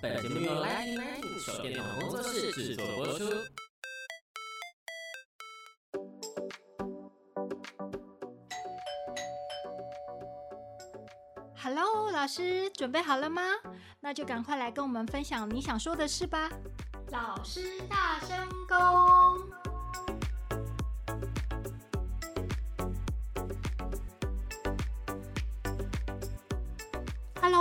本節目由 Lightning 手電筒工作室製作播出。Hello，老師，準備好了嗎？那就趕快來跟我們分享你想說的事吧。老師，大聲公。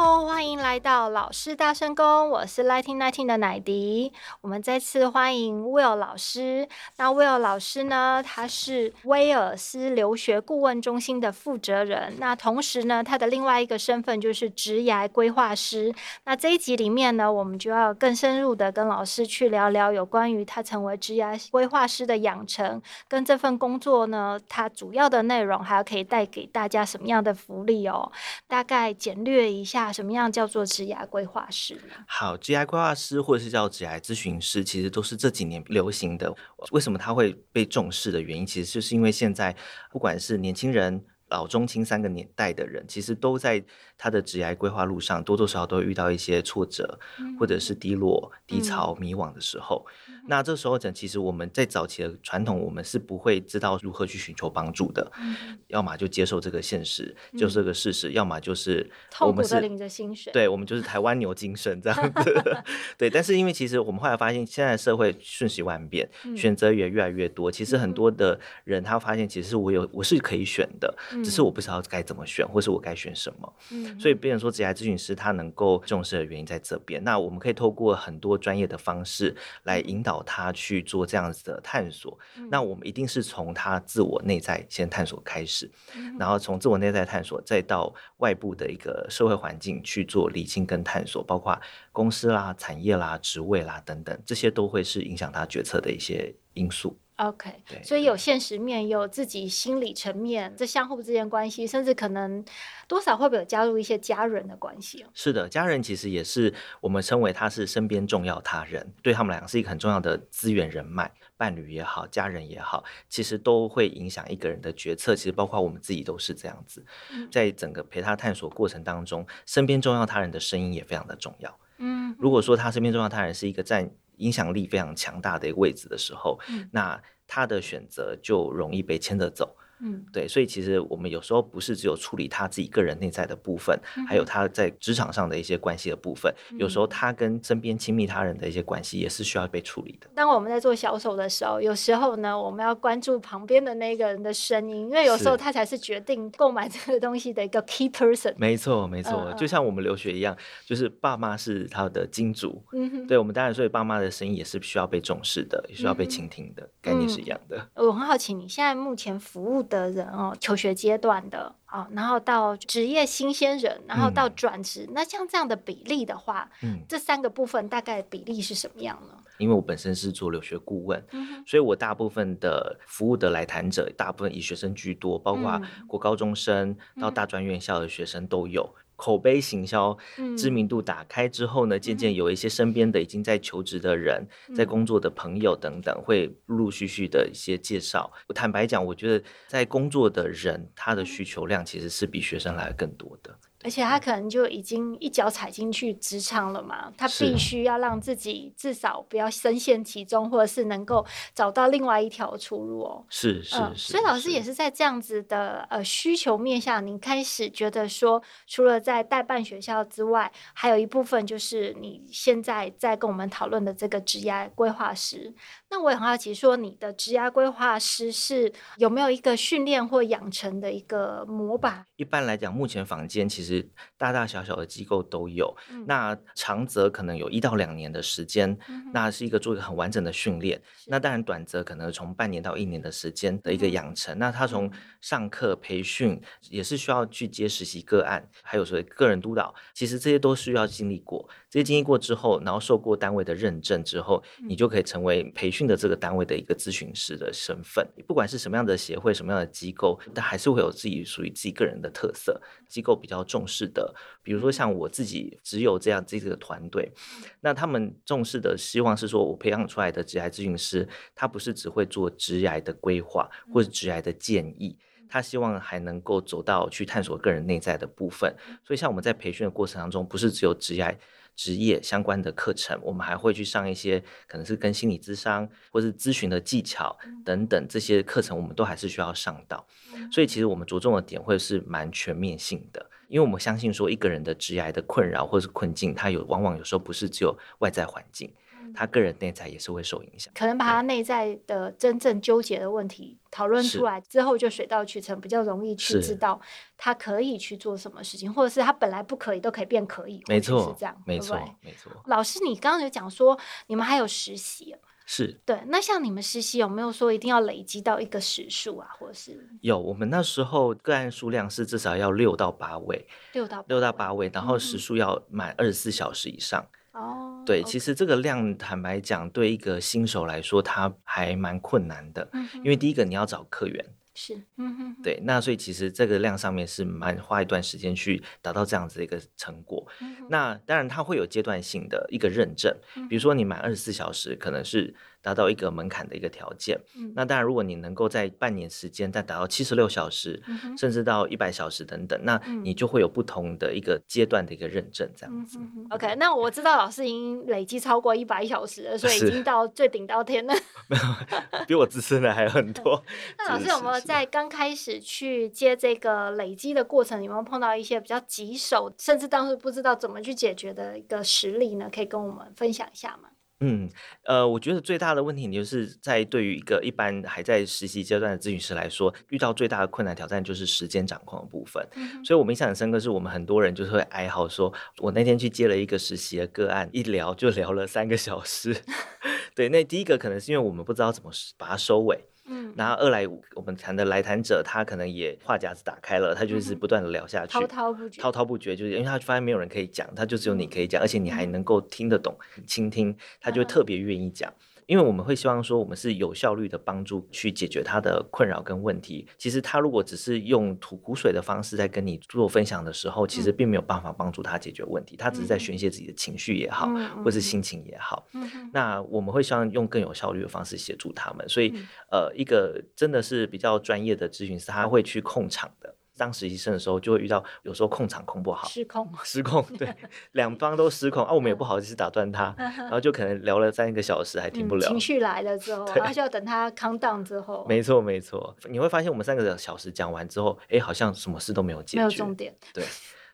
歡迎來到老師大聲公，我是1919的奶迪。我們再次歡迎 Will 老師。那 Will 老師呢？他是威爾斯留學顧問中心的負責人。那同時呢，他的另外一個身份就是職涯規劃師。那這一集裡面呢，我們就要更深入的跟老師去聊聊有關於他成為職涯規劃師的養成，跟這份工作呢，他主要的內容還有可以帶給大家什麼樣的福利哦。大概簡略一下。什麼樣叫做職涯規劃師呢？好，職涯規劃師或者是叫職涯諮詢師，其實都是這幾年流行的。為什麼他會被重視的原因，其實就是因為現在不管是年輕人、老中青三個年代的人，其實都在他的職涯規劃路上，多多少少都會遇到一些挫折，嗯、或者是低落、嗯、低潮、迷惘的時候。那這時候講，其實我們在早期的傳統，我們是不會知道如何去尋求幫助的，嗯、要麼就接受這個現實，嗯、就是這個事實；嗯、要麼就是我們是透的領着薪水，對我們就是台灣牛精神這樣子。 對，但是因為其實我們後來發現，現在社會瞬息萬變，嗯、選擇也越來越多。其實很多的人他發現，其實我有我是可以選的，嗯、只是我不知道該怎麼選，或是我該選什麼。嗯、所以，變成說職涯諮詢師，他能夠重視的原因在這邊。那我們可以透過很多專業的方式來引導。找他去做這樣子的探索，那我們一定是從他自我內在先探索開始，然後從自我內在探索，再到外部的一個社會環境去做釐清跟探索，包括公司啦、產業啦、職位啦等等，這些都會是影響他決策的一些因素。OK，對，所以有現實面，有自己心理層面，這相互之間關係，甚至可能多少會不會有加入一些家人的關係？是的，家人其實也是我們稱為他是身邊重要他人，對他們來講是一個很重要的資源、人脈、伴侶也好，家人也好，其實都會影響一個人的決策。其實包括我們自己都是這樣子，在整個陪他探索過程當中，身邊重要他人的聲音也非常的重要。嗯，如果說他身邊重要他人是一個在影響力非常強大的一個位置的時候，嗯，那他的選擇就容易被牽着走。嗯，對，所以其實我們有時候不是只有處理他自己個人內在的部分，嗯、還有他在職場上的一些關係的部分、嗯。有時候他跟身邊親密他人的一些關係也是需要被處理的。當我們在做銷售的時候，有時候呢，我們要關注旁邊的那個人的聲音，因為有時候他才是決定購買這個東西的一個 key person。沒錯，沒錯、嗯，就像我們留學一樣、嗯，就是爸媽是他的金主。嗯，對，我們當然所以爸媽的聲音也是需要被重視的，也需要被傾聽的、嗯、概念是一樣的。嗯、我很好奇你，你現在目前服務。的人哦，求學階段的啊，然後到職業新鮮人，然後到轉職，嗯、那像這樣的比例的話、嗯，這三個部分大概比例是什麼樣呢？因為我本身是做留學顧問，嗯、所以我大部分的服務的來談者，大部分以學生居多，包括國高中生到大專院校的學生都有。嗯口碑行銷，知名度打開之後呢，漸漸有一些身邊的已經在求職的人，在工作的朋友等等，會陸陸續續的一些介紹。坦白講，我覺得在工作的人，他的需求量其實是比學生來得更多的。而且他可能就已經一腳踩進去職場了嘛，他必須要讓自己至少不要深陷其中，或者是能夠找到另外一條出路哦。是是、呃、是，是。所以老師也是在這樣子的呃需求面下，你開始覺得說，除了在代辦學校之外，還有一部分就是你現在在跟我們討論的這個職涯規劃師。那我也很好奇，說你的職涯規劃師是有沒有一個訓練或養成的一個模板？一般來講，目前坊間其實。大大小小的機構都有，那長則可能有一到兩年的時間，那是一個做一個很完整的訓練。那當然，短則可能從半年到一年的時間的一個養成。那他從上課培訓，也是需要去接實習個案，還有說個人督導，其實這些都需要經歷過。這些經歷過之後，然後受過單位的認證之後，你就可以成為培訓的這個單位的一個諮詢師的身份。不管是什麼樣的協會、什麼樣的機構，但還是會有自己屬於自己個人的特色。機構比較重要。重視的，比如說像我自己，只有這樣自己的團隊，那他們重視的希望是說，我培養出來的職涯諮詢師，他不是只會做職涯的規劃或者職涯的建議，他希望還能夠走到去探索個人內在的部分。所以，像我們在培訓的過程當中，不是只有職涯職業相關的課程，我們還會去上一些可能是跟心理諮商或者是諮詢的技巧等等這些課程，我們都還是需要上到。所以，其實我們着重的點會是蠻全面性的。因為我們相信說，一個人的職涯的困擾或是困境，他有往往有時候不是只有外在環境，他、嗯、個人內在也是會受影響。可能把他內在的真正糾結的問題討論出來之後，就水到渠成，比較容易去知道他可以去做什麼事情，或者是他本來不可以都可以變可以。沒錯，是這樣，沒錯對對，沒錯。老師，你剛剛有講說你們還有實習。是，對，那像你們實習有沒有說一定要累積到一個時數啊，或是有？我們那時候個案數量是至少要六到八位，六到六到八位、嗯，然後時數要滿二十四小時以上。哦，對，哦、其實這個量、okay、坦白講，對一個新手來說，它還蠻困難的，嗯、因為第一個你要找客源。是，嗯嗯， 對，那所以其實這個量上面是蠻花一段時間去達到這樣子的一個成果。 那當然它會有階段性的一個認證，比如說你滿二十四小時，可能是。達到一個門檻的一個條件、嗯，那當然，如果你能夠在半年時間再達到七十六小時、嗯，甚至到一百小時等等，那你就會有不同的一個階段的一個認證這樣子、嗯哼哼。OK，那我知道老師已經累積超過一百小時了，所以已經到最頂到天了，沒有，比我資深的還有很多。 那老師有沒有在剛開始去接這個累積的過程，有沒有碰到一些比較棘手，甚至當時不知道怎麼去解決的一個實例呢？可以跟我們分享一下嗎？嗯，呃，我覺得最大的問題，你就是在對於一個一般還在實習階段的諮詢師來說，遇到最大的困難挑戰就是時間掌控的部分。嗯、所以我們印象很深刻，是我們很多人就是會哀嚎說，我那天去接了一個實習的個案，一聊就聊了三個小時。 對，那第一個可能是因為我們不知道怎麼把它收尾。然後二來，我們談的來談者，他可能也話匣子打開了，他就是不斷的聊下去，嗯，滔滔不絕，滔滔不絕，就是因為他發現沒有人可以講，他就只有你可以講，而且你還能夠聽得懂傾、嗯、聽，他就特別願意講。嗯因為我們會希望說，我們是有效率的幫助去解決他的困擾跟問題。其實他如果只是用吐苦水的方式在跟你做分享的時候，其實並沒有辦法幫助他解決問題。嗯、他只是在宣洩自己的情緒也好，嗯、或是心情也好、嗯。那我們會希望用更有效率的方式協助他們。所以，嗯、呃，一個真的是比較專業的諮詢師，他會去控場的。當實習生的時候，就會遇到有時候控場控不好，失控，失控。對，兩方都失控 啊，我們也不好意思打斷他， 然後就可能聊了三個小時還聽不了、嗯。情緒來了之後，然後就要等他 calm down 之後。沒錯沒錯，你會發現我們三個小時講完之後，哎，好像什麼事都沒有解決。沒有重點。對。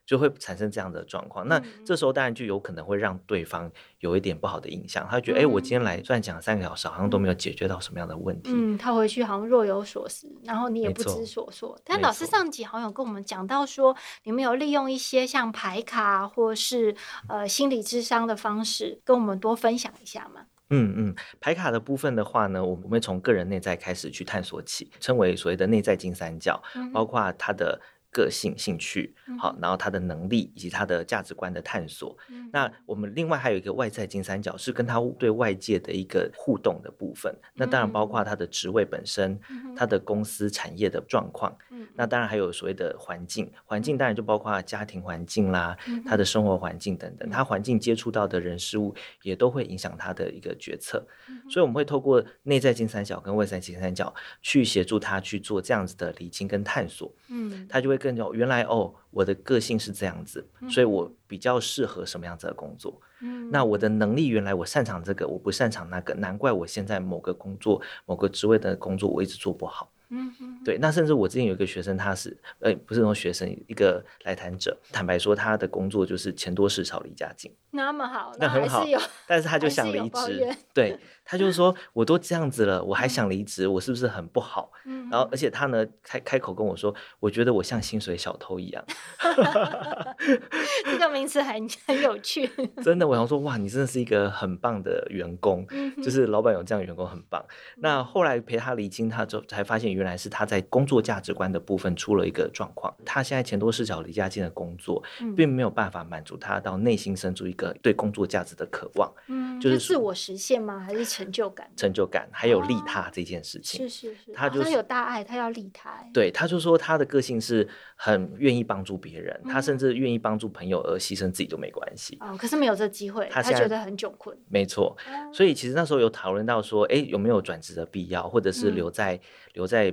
就會產生這樣的狀況，嗯。那這時候當然就有可能會讓對方有一點不好的印象。他覺得，哎、嗯，欸，我今天來轉講三個小時，嗯，好像都沒有解決到什麼樣的問題。嗯，他回去好像若有所思，然後你也不知所措。但老師上集好像有跟我們講到說，沒，你們有利用一些像牌卡或是呃心理諮商的方式，跟我們多分享一下嗎？嗯嗯，牌卡的部分的話呢，我們會從個人內在開始去探索起，稱為所謂的內在金三角，嗯、包括他的。個性、興趣，好，然後他的能力以及他的價值觀的探索。嗯、那我們另外還有一個外在金三角，是跟他對外界的一個互動的部分。那當然包括他的職位本身，嗯、他的公司、產業的狀況。嗯嗯那當然還有所謂的環境，環境當然就包括家庭環境啦，嗯、他的生活環境等等、嗯，他環境接觸到的人事物也都會影響他的一個決策。嗯、所以我們會透過內在金三角跟外在金三角去協助他去做這樣子的理清跟探索。嗯，他就會更有原來哦，我的個性是這樣子，所以我比較適合什麼樣子的工作。嗯，那我的能力原來我擅長這個，我不擅長那個，難怪我現在某個工作、某個職位的工作我一直做不好。嗯哼， 對，那甚至我之前有一個學生，他是，呃、欸，不是說學生，一個來談者，坦白說，他的工作就是錢多事少，離家近，那麼好，那好很好，那還是有，但是他就想離職，對，他就說， 我都這樣子了，我還想離職，我是不是很不好？ 然後，而且他呢，開開口跟我說，我覺得我像薪水小偷一樣， 這個名詞很很有趣， 真的，我想說，哇，你真的是一個很棒的員工， 就是老闆有這樣的員工很棒。 那後來陪他離職，他之後才發現。原來是他在工作價值觀的部分出了一個狀況，他現在錢多事少、離家近的工作，並沒有辦法滿足他到內心深處一個對工作價值的渴望。嗯，就是自我實現嗎？還是成就感？成就感還有利他這件事情。是是是，他就他有大愛，他要利他。對，他就說他的個性是很願意幫助別人，他甚至願意幫助朋友而犧牲自己都沒關係。哦，可是沒有這機會，他覺得很窘困。沒錯，所以其實那時候有討論到說，哎，有沒有轉職的必要，或者是留在留在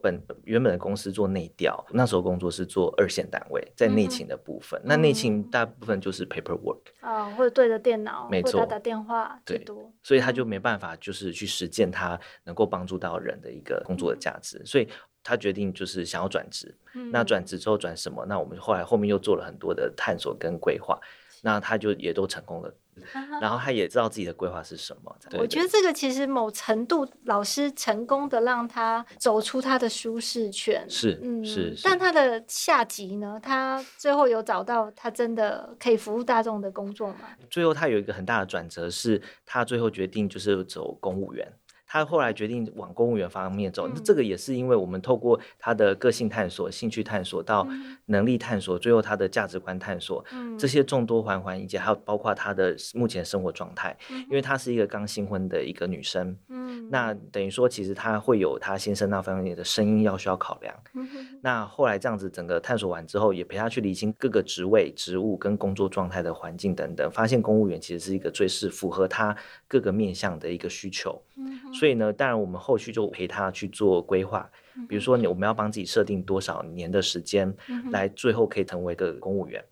本原本的公司做內調，那時候工作是做二線單位，在內勤的部分。嗯、那內勤大部分就是 paperwork，哦、嗯嗯，或者對着電腦，沒錯，打打電話，最多。所以他就沒辦法，就是去實踐他能夠幫助到人的一個工作的價值。嗯、所以他決定就是想要轉職、嗯。那轉職之後轉什麼？那我們後來後面又做了很多的探索跟規劃。那他就也都成功了。 然後他也知道自己的規劃是什麼。 我覺得這個其實某程度老師成功的讓他走出他的舒適圈。是， 嗯，是，是。但他的下集呢？他最後有找到他真的可以服務大眾的工作嗎？ 最後他有一個很大的轉折，是他最後決定就是走公務員。他後來決定往公務員方面走，那、嗯、這個也是因為我們透過他的個性探索、興趣探索、到能力探索、嗯，最後他的價值觀探索、嗯，這些眾多環環以及還有包括他的目前生活狀態，嗯、因為他是一個剛新婚的一個女生。嗯那等於說，其實他會有他先生那方面的聲音要需要考量。 那後來這樣子，整個探索完之後，也陪他去理清各個職位、職務跟工作狀態的環境等等，發現公務員其實是一個最是符合他各個面向的一個需求。 所以呢，當然我們後續就陪他去做規劃，比如說你我們要幫自己設定多少年的時間，來最後可以成為一個公務員。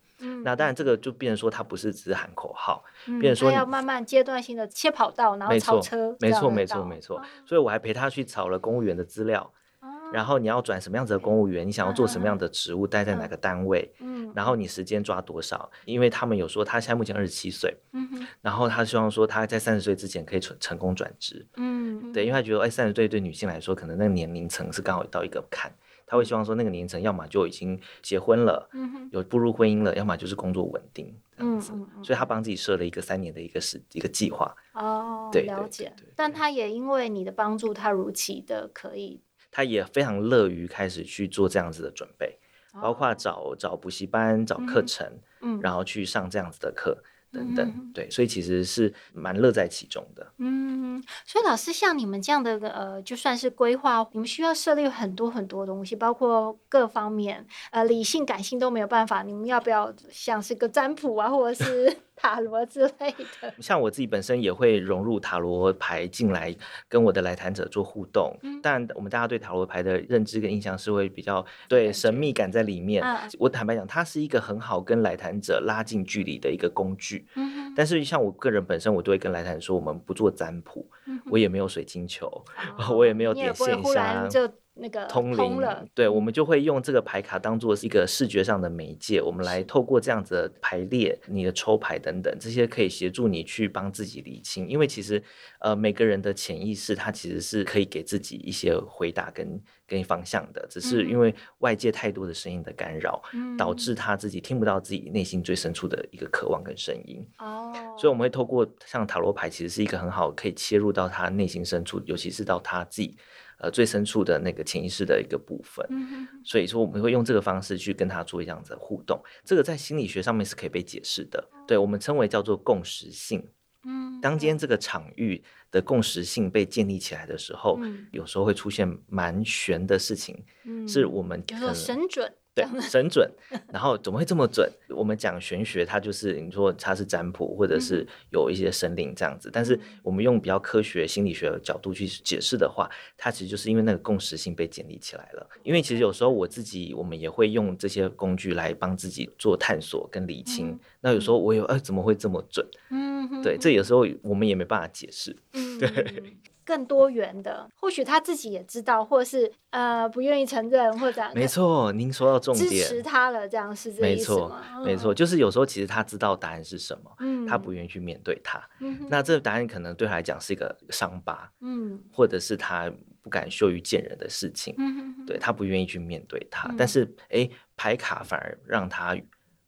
那當然，這個就變成說他不是只是喊口號，嗯、變成說要慢慢階段性的切跑道，然後超車，沒錯，沒錯，沒錯、哦。所以我還陪他去查了公務員的資料、嗯。然後你要轉什麼樣子的公務員？嗯、你想要做什麼樣的職務、嗯？待在哪個單位？嗯。然後你時間抓多少？因為他們有說他現在目前二十七歲，嗯哼。然後他希望說他在三十歲之前可以成成功轉職。嗯。對，因為他覺得哎，三十歲對女性來說，可能那個年齡層是剛好到一個坎。他會希望說，那個年層要麼就已經結婚了、嗯，有步入婚姻了，要麼就是工作穩定這樣子、嗯嗯，所以他幫自己設了一個三年的一個時一個計劃。哦，對，了解，對對。但他也因為你的幫助，他如期的可以。他也非常樂於開始去做這樣子的準備，哦、包括找找補習班、找課程、嗯，然後去上這樣子的課。等等，對，所以其實是蠻樂在其中的。嗯，所以老師像你們這樣的呃，就算是規劃，你們需要設立很多很多東西，包括各方面，呃，理性、感性都沒有辦法。你們要不要像是個占卜啊，或者是？ 塔羅之類的，像我自己本身也會融入塔羅牌進來跟我的來談者做互動。嗯，但我們大家對塔羅牌的認知跟印象是會比較對神秘感在裡面。啊。我坦白講，它是一個很好跟來談者拉近距離的一個工具。嗯，但是像我個人本身，我都會跟來談說，我們不做占卜。 我也沒有水晶球，哦、 我也沒有點線香，就那個通靈通了。對、嗯、我們就會用這個牌卡當做一個視覺上的媒介，我們來透過這樣子的排列，你的抽牌等等，這些可以協助你去幫自己理清，因為其實。呃，每個人的潛意識，他其實是可以給自己一些回答跟跟方向的，只是因為外界太多的聲音的干擾、嗯，導致他自己聽不到自己內心最深處的一個渴望跟聲音。哦，所以我們會透過像塔羅牌，其實是一個很好可以切入到他內心深處，尤其是到他自己呃最深處的那個潛意識的一個部分、嗯。所以說我們會用這個方式去跟他做這樣子的互動，這個在心理學上面是可以被解釋的。對，我們稱為叫做共時性。嗯，當今天這個場域的共識性被建立起來的時候，嗯，有時候會出現蠻懸的事情，嗯，是我們可能神準，對，神準，然後怎麼會這麼準？ 我們講玄學，它就是你說它是占卜，或者是有一些神靈這樣子、嗯。但是我們用比較科學心理學的角度去解釋的話，它其實就是因為那個共識性被建立起來了。因為其實有時候我自己，我們也會用這些工具來幫自己做探索跟理清、嗯。那有時候我有，呃，怎麼會這麼準、嗯？對，這有時候我們也沒辦法解釋。對。嗯 更多元的，或許他自己也知道，或是呃不願意承認，或者沒錯，您說到重點，支持他了，這樣是這個意思嗎？沒錯，沒錯，就是有時候其實他知道答案是什麼，嗯、他不願意去面對他、嗯，那這個答案可能對他來講是一個傷疤、嗯，或者是他不敢羞於見人的事情，嗯、哼哼對他不願意去面對他、嗯，但是哎，牌、欸、卡反而讓他。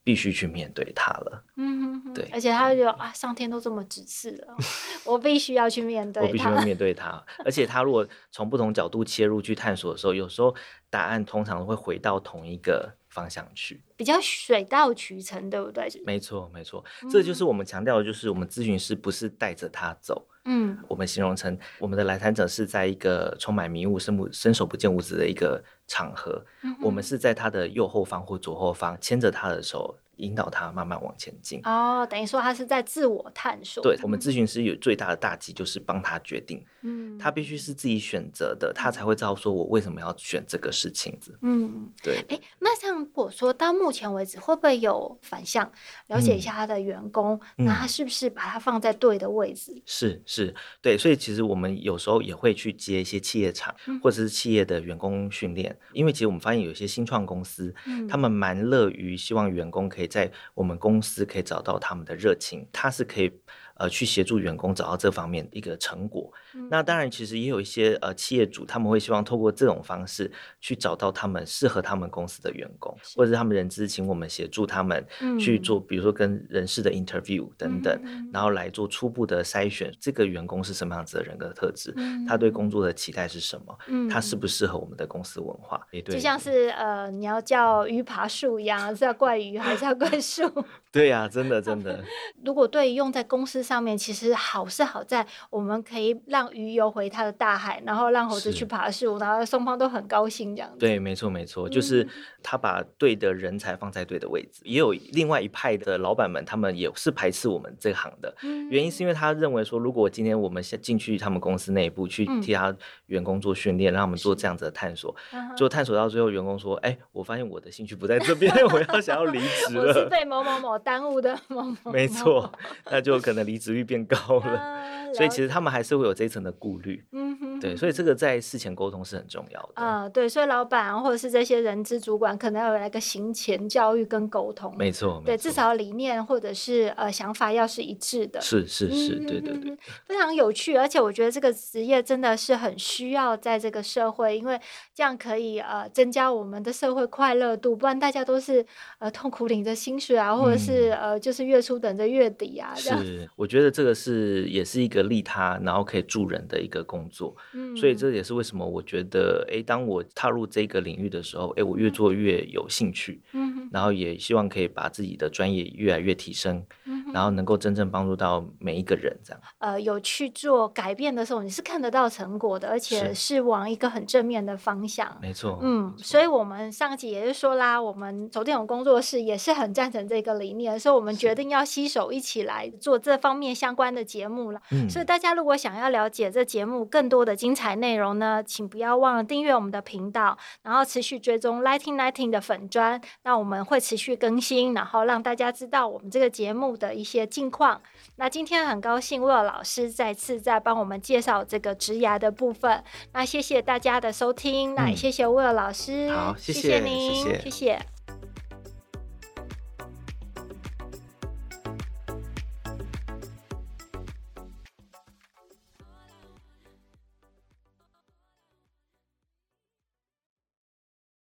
必須去面對他了，嗯哼哼，對，而且他就說啊，上天都這麼指示了， 我必須要去面對他，我必須要面對他。 而且他如果從不同角度切入去探索的時候，有時候答案通常都會回到同一個方向去，比較水到渠成，對不對？沒錯，沒錯、嗯，這就是我們強調的，就是我們諮詢師不是帶着他走。嗯， 我們形容成，我們的來訪者是在一個充滿迷霧、伸不伸手不見五指的一個場合，我們是在他的右後方或左後方牽着他的手。引導他慢慢往前進哦，oh, 等於說他是在自我探索。對，我們諮詢師有最大的大忌就是幫他決定，嗯，他必須是自己選擇的，他才會知道說我為什麼要選這個事情。嗯，對。哎、欸，那像我說到目前為止，會不會有反向、嗯、了解一下他的員工、嗯？那他是不是把他放在對的位置？是，是，對。所以其實我們有時候也會去接一些企業廠、嗯、或者是企業的員工訓練、嗯，因為其實我們發現有一些新創公司，嗯，他們蠻樂於希望員工可以。在我們公司可以找到他們的熱情，他是可以。呃，去協助員工找到這方面一個成果。嗯、那當然，其實也有一些呃企業主，他們會希望透過這種方式去找到他們適合他們公司的員工，或者是他們人資，請我們協助他們去做，比如說跟人事的 interview 等等、嗯，然後來做初步的篩選，這個員工是什麼樣子的人格的特質、嗯，他對工作的期待是什麼，嗯、他適不適合我們的公司文化。嗯欸、對就像是、嗯、呃，你要叫魚爬樹一樣，是要怪魚還是要怪樹？ 對呀、啊，真的真的。 如果對於用在公司。上面其實好是好在，我們可以讓魚游回他的大海，然後讓猴子去爬樹，然後雙方都很高興這樣子。對，沒錯沒錯，就是他把對的人才放在對的位置。嗯。也有另外一派的老闆們，他們也是排斥我們這行的。嗯。原因是因為他認為說，如果今天我們先進去他們公司內部去替他員工做訓練，嗯。讓我們做這樣子的探索，就探索到最後，員工說：“哎、嗯欸，我發現我的興趣不在這邊， 我要想要離職了。”是被某某某耽誤的某某某。沒錯，那就可能離。離職率變高了，uh, 所以其實他們還是會有這一層的顧慮。 對，所以這個在事前溝通是很重要的。嗯，對，所以老闆或者是這些人資主管，可能要有一個行前教育跟溝通。沒錯，對，至少理念或者是呃想法要是一致的。是是是，對對對、嗯，非常有趣。而且我覺得這個職業真的是很需要在這個社會，因為這樣可以呃增加我們的社會快樂度，不然大家都是呃痛苦領着薪水啊，或者是、嗯、呃就是月初等着月底啊。是這樣，我覺得這個是也是一個利他，然後可以助人的一個工作。嗯、所以這也是為什麼我覺得，哎、欸，當我踏入這個領域的時候，哎、欸，我越做越有興趣、嗯，然後也希望可以把自己的專業越來越提升。然後能夠真正幫助到每一個人，這樣。呃，有去做改變的時候，你是看得到成果的，而且是往一個很正面的方向。沒錯。嗯，所以我們上集也就是說啦，我們手電筒工作室也是很贊成這個理念，所以我們決定要攜手一起來做這方面相關的節目了。所以大家如果想要了解這節目更多的精彩內容呢，請不要忘了訂閱我們的頻道，然後持續追蹤 Lighting Lighting 的粉專，那我們會持續更新，然後讓大家知道我們這個節目的一些近況。那今天很高興，威爾老師再次在幫我們介紹這個職涯的部分。那謝謝大家的收聽，那也謝謝威爾老師。嗯、好謝謝，謝謝您，謝謝。謝謝。